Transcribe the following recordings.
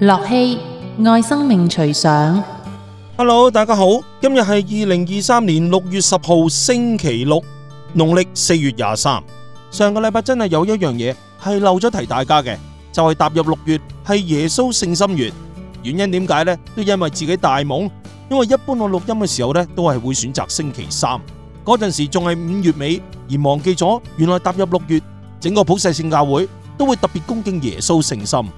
駱曦愛生命隨想，Hello，大家好，今日係二零二三年六月十號星期六，農曆四月廿三。上個禮拜真係有一樣嘢係漏咗提大家嘅，就係踏入六月係耶穌聖心月。原因點解呢？都因為自己大懵，因為一般我錄音嘅時候呢，都係會選擇星期三。嗰陣時仲係五月尾，而忘記咗原來踏入六月，整個普世聖教會都會特別恭敬耶穌聖心。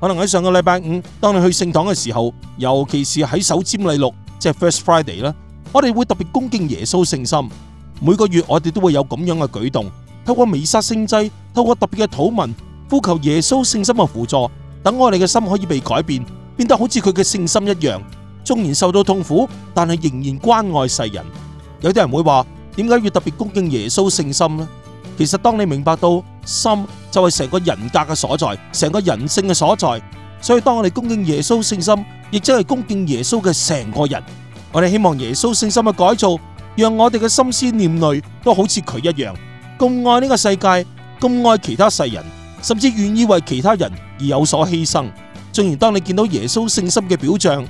可能喺上個禮拜五，當你去聖堂嘅時候，尤其是喺首瞻禮六，即係 First Friday 啦，我哋會特別恭敬耶穌聖心。每個月我哋都會有咁樣嘅舉動，透過彌撒聖祭，透過特別嘅禱文，呼求耶穌聖心嘅輔助，等我哋嘅心可以被改變，變得好似佢嘅聖心一樣，縱然受到痛苦，但係仍然關愛世人。有啲人會話，點解要特別恭敬耶穌聖心呢？其實當你明白到。心就係成個人格嘅所在，成個人性嘅所在。所以當我哋恭敬耶穌聖心，亦即係恭敬耶穌嘅成個人。我哋希望耶穌聖心嘅改造，讓我哋嘅心思念慮都好似佢一樣咁愛呢個世界，咁愛其他世人，甚至願意為其他人而有所犧牲。正如當你見到耶穌聖心嘅表象，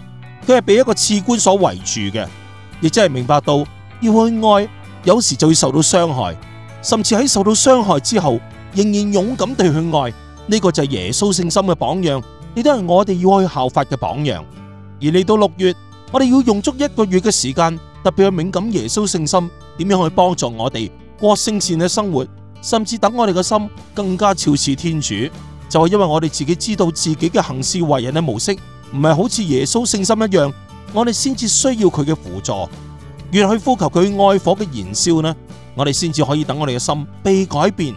佢係被一個茨冠所圍住嘅，亦即係明白到要去愛，有時就會受到傷害，甚至喺受到傷害之後。仍然勇敢地去愛，呢個就係耶穌聖心嘅榜樣，亦都係我哋要去效法嘅榜樣。而嚟到六月，我哋要用足一個月嘅時間，特別去敏感耶穌聖心，點樣去幫助我哋過聖善嘅生活，甚至等我哋嘅心更加肖似天主。就係因為我哋自己知道自己嘅行事為人嘅模式，唔係好似耶穌聖心一樣，我哋先至需要佢嘅輔助，越去呼求佢愛火嘅燃燒呢，我哋先至可以等我哋嘅心被改變。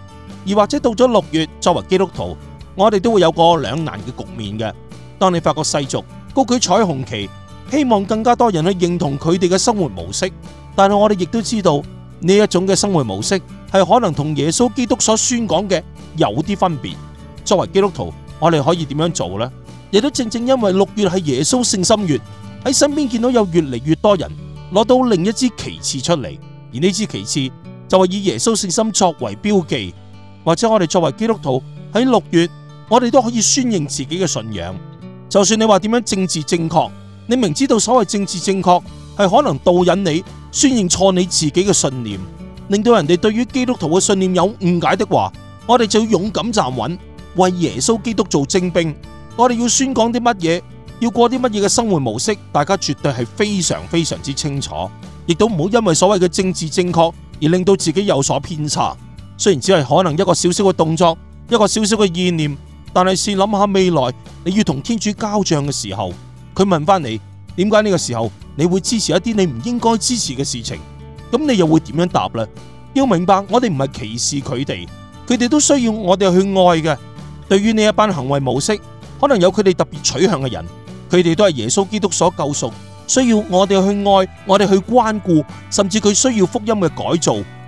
而或者到咗六月，作為基督徒，我哋都會有個兩難嘅局面嘅。當你發覺世俗高舉彩虹旗，希望更加多人去認同佢哋嘅生活模式，但係我哋亦都知道呢一種嘅生活模式係可能同耶穌基督所宣講嘅有啲分別。作為基督徒，我哋可以點樣做咧？亦都正正因為六月係耶穌聖心月，喺身邊見到有越嚟越多人攞到另一支旗幟出嚟，而呢支旗幟就係以耶穌聖心作為標記。或者我哋作為基督徒喺六月，我哋都可以宣認自己嘅信仰。就算你話點樣政治正確，你明知道所謂政治正確係可能導引你宣認錯你自己嘅信念，令到人哋對於基督徒嘅信念有誤解的話，我哋就要勇敢站穩，為耶穌基督做精兵。我哋要宣講啲乜嘢，要過啲乜嘢嘅生活模式，大家絕對係非常非常之清楚，亦都唔好因為所謂嘅政治正確而令到自己有所偏差。雖然只係可能一個小小嘅動作，一個小小嘅意念，但係試諗下未來你要同天主交賬嘅時候，佢問翻你點解呢個時候你會支持一啲你唔應該支持嘅事情，咁你又會點樣答呢？要明白，我哋唔係歧視佢哋，佢哋都需要我哋去愛嘅。對於呢一班行為模式，可能有佢哋特別取向嘅人，佢哋都係耶穌基督所救贖，需要我哋去愛，我哋去關顧，甚至佢需要福音嘅改造。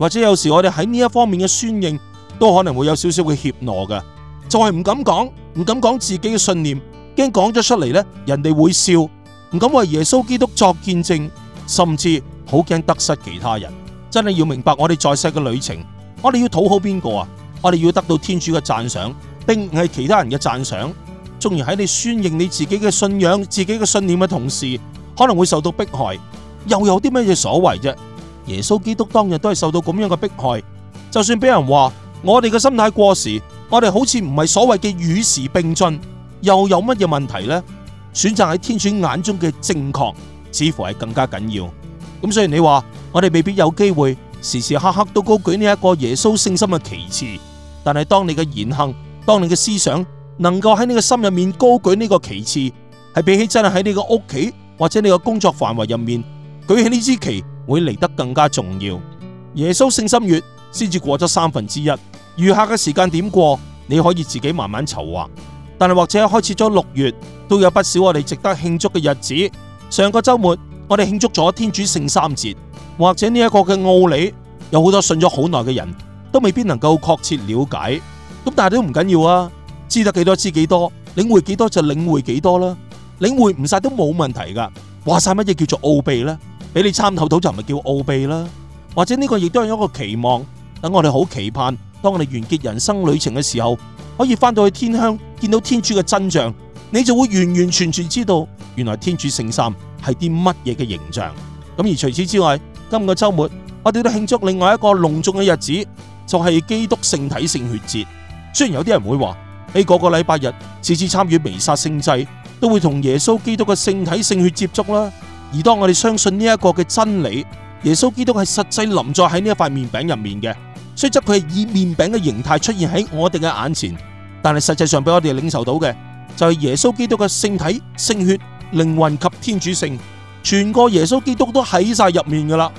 或者有時我哋喺呢一方面嘅宣認，都可能會有少少嘅怯懦嘅，就係唔敢講，唔敢講自己嘅信念，驚講咗出嚟呢，人哋會笑，唔敢為耶穌基督作見證，甚至好驚得失其他人。真係要明白我哋在世嘅旅程，我哋要討好邊個啊？我哋要得到天主嘅讚賞，並唔係其他人嘅讚賞。縱然喺你宣認你自己嘅信仰，自己嘅信念嘅同時，可能會受到迫害，又有啲咩嘢所謂啫？耶穌基督當日都係受到咁樣嘅迫害，就算俾人話我哋嘅心態過時，我哋好似唔係所謂嘅與時並進，又有乜嘢問題呢？選擇喺天主眼中嘅正確，似乎係更加緊要。咁雖然你話我哋未必有機會時時刻刻都高舉呢一個耶穌聖心嘅旗幟，但係當你嘅言行、當你嘅思想，能夠喺你嘅心入面高舉呢個旗幟，係比起真係喺你個屋企或者你嘅工作範圍入面舉起呢支旗。會嚟得更加重要。耶穌聖心月先至過咗三分之一，餘下嘅時間點過，你可以自己慢慢籌劃。但係或者開始咗六月，都有不少我哋值得慶祝嘅日子。上個周末我哋慶祝咗天主聖三節，或者呢一個嘅奧理，有好多信咗好耐嘅人，都未必能夠確切了解。咁但係都唔緊要啊，知得幾多知幾多，領會幾多就領會幾多啦，領會唔晒都冇問題噶。話晒乜嘢叫做奧秘呢？俾你參透到就唔係叫奧秘啦，或者呢個亦都係一個期望，等我哋好期盼，當我哋完結人生旅程嘅時候，可以翻到去天鄉，見到天主嘅真相，你就會完完全全知道原來天主聖三係啲乜嘢嘅形象。咁而除此之外，今個週末我哋都慶祝另外一個隆重嘅日子，就係、是、基督聖體聖血節。雖然有啲人會話喺個個禮拜日次次參與彌撒聖祭，都會同耶穌基督嘅聖體聖血接觸啦。而當我哋相信呢一個嘅真理，耶穌基督係實際臨在喺呢一塊麵餅入面嘅，雖則佢係以麵餅嘅形態出現喺我哋嘅眼前，但係實際上俾我哋領受到嘅就係、是、耶穌基督嘅聖體、聖血、靈魂及天主性，全個耶穌基督都喺晒入面噶啦。呢、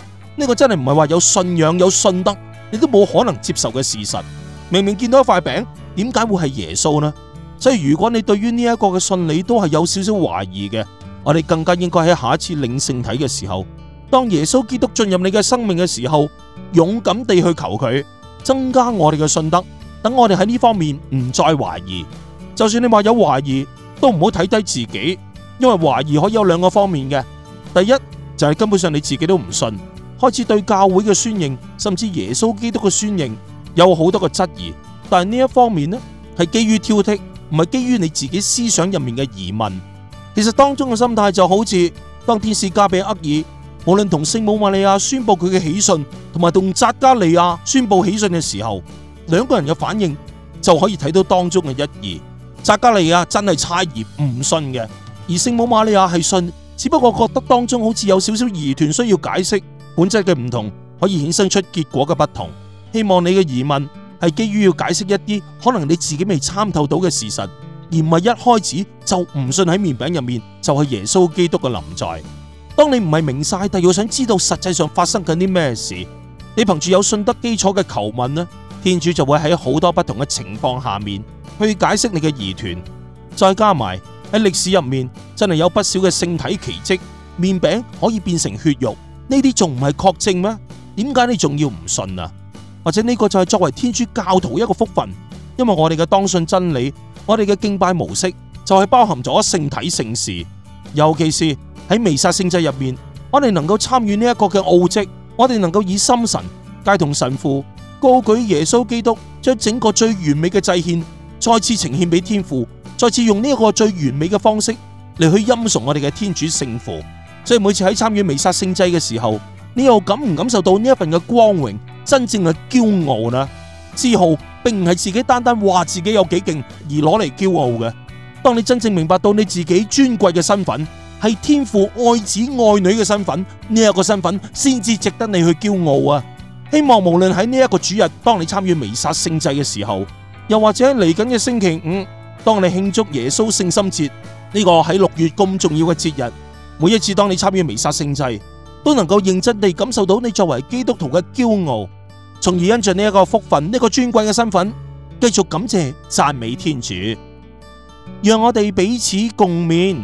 這個真係唔係話有信仰、有信德，你都冇可能接受嘅事實。明明見到一塊餅，點解會係耶穌呢？所以如果你對於呢一個嘅信理都係有少少懷疑嘅。我哋更加應該喺下一次領聖體嘅時候，當耶穌基督進入你嘅生命嘅時候，勇敢地去求佢，增加我哋嘅信德，等我哋喺呢方面唔再懷疑。就算你話有懷疑，都唔好睇低自己，因為懷疑可以有兩個方面嘅。第一就係、是、根本上你自己都唔信，開始對教會嘅宣認，甚至耶穌基督嘅宣認有好多嘅質疑。但係呢一方面呢，係基於挑剔，唔係基於你自己思想入面嘅疑問。其實當中嘅心態就好似當天使加比厄爾無論同聖母瑪利亞宣佈佢嘅喜訊，同埋同扎加利亞宣佈喜訊嘅時候，兩個人嘅反應就可以睇到當中嘅一二。扎加利亞真係猜疑唔信嘅，而聖母瑪利亞係信，只不過覺得當中好似有少少疑團需要解釋。本質嘅唔同可以衍生出結果嘅不同。希望你嘅疑問係基於要解釋一啲可能你自己未參透到嘅事實。而唔係一開始就唔信喺麵餅入面就係耶穌基督嘅臨在。當你唔係明曬，但係又想知道實際上發生緊啲咩事，你憑住有信德基礎嘅求問咧，天主就會喺好多不同嘅情況下面去解釋你嘅疑團。再加埋喺歷史入面真係有不少嘅聖體奇蹟，麵餅可以變成血肉，呢啲仲唔係確證咩？點解你仲要唔信啊？或者呢個就係作為天主教徒一個福分，因為我哋嘅當信真理。我哋嘅敬拜模式就係包含咗聖體聖事，尤其是喺彌撒聖祭入面，我哋能夠參與呢一個嘅奧蹟，我哋能夠以心神皆同神父高舉耶穌基督，將整個最完美嘅祭獻再次呈獻俾天父，再次用呢一個最完美嘅方式嚟去欽崇我哋嘅天主聖父。所以每次喺參與彌撒聖祭嘅時候，你又感唔感受到呢一份嘅光榮、真正嘅驕傲呢？自豪？並唔係自己單單話自己有幾勁而攞嚟驕傲嘅。當你真正明白到你自己尊貴嘅身份，係天父愛子愛女嘅身份，呢一個身份先至值得你去驕傲啊！希望無論喺呢一個主日，當你參與彌撒聖祭嘅時候，又或者嚟緊嘅星期五，當你慶祝耶穌聖心節，呢個喺六月咁重要嘅節日，每一次當你參與彌撒聖祭，都能夠認真地感受到你作為基督徒嘅驕傲。從而因着呢一個福分、呢、這個尊貴嘅身份，繼續感謝讚美天主，讓我哋彼此共勉。